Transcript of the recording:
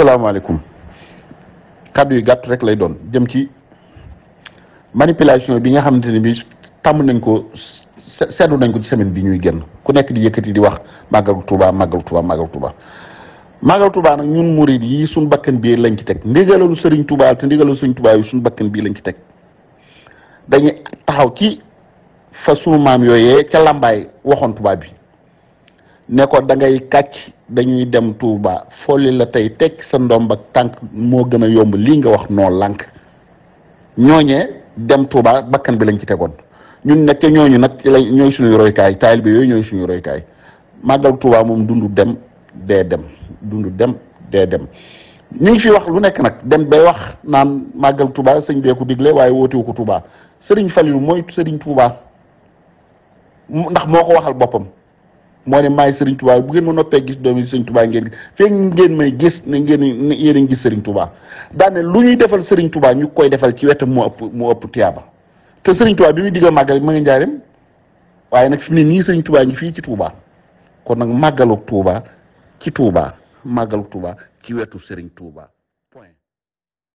asalaamaaleykum kàddu yu gàtt rek lay doon jëm ci manipulation bi nga xamante ne bi tàmm nañ ko seetlu nañ ko ci semaine bi ñuy génn ku nekk di yëkkati di wax màggal Tuuba màggal Tuuba màggal Tuuba màggal Tuuba nag ñun murid yi suñ bakkan bii lañ ci teg ndigalalu sëriñ Tuuba te ndigalalu sëriñ Tuuba yi suñ bakkan bii lañ ci teg dañuy taxaw ci fa sunu maam yooyee ca làmbaay waxoon Tuuba bi ne ko da ngay dañuy dem tuuba folli la tey teg sa ndomb tànk moo gën a yomb lii nga wax noo lank ñooñee dem Touba bakkan bi lañ ci tegoon ñun nag te ñooñu nag lañ ñooy suñuy roykaay taalibe yooyu ñooy suñuy roykaay màggal Touba moom dundu dem dee dem dundu dem dee dem ñu ngi fi wax lu nekk nag dem bay wax naan màggal Touba sëñ bee digle waaye wootewu ko Touba sëriñ Falilu mooy sëriñ Touba ndax moo ko waxal boppam moo ne may Serigne Touba bu ngeen ma noppee gis doomi Serigne Touba ngeen gis fekk ngeen may gis ne ngeen ne yéen gis Serigne Touba daane lu ñuy defal Serigne Touba ñu koy defal ci wetam moo ëpp tiyaaba te Serigne Touba bi muy digga màggal ma nga njaareem waaye nag fi mu ne nii Serigne fii ci Touba kon nag màggalu Touba ci Touba màggalu Touba ci wetu sëriñ Touba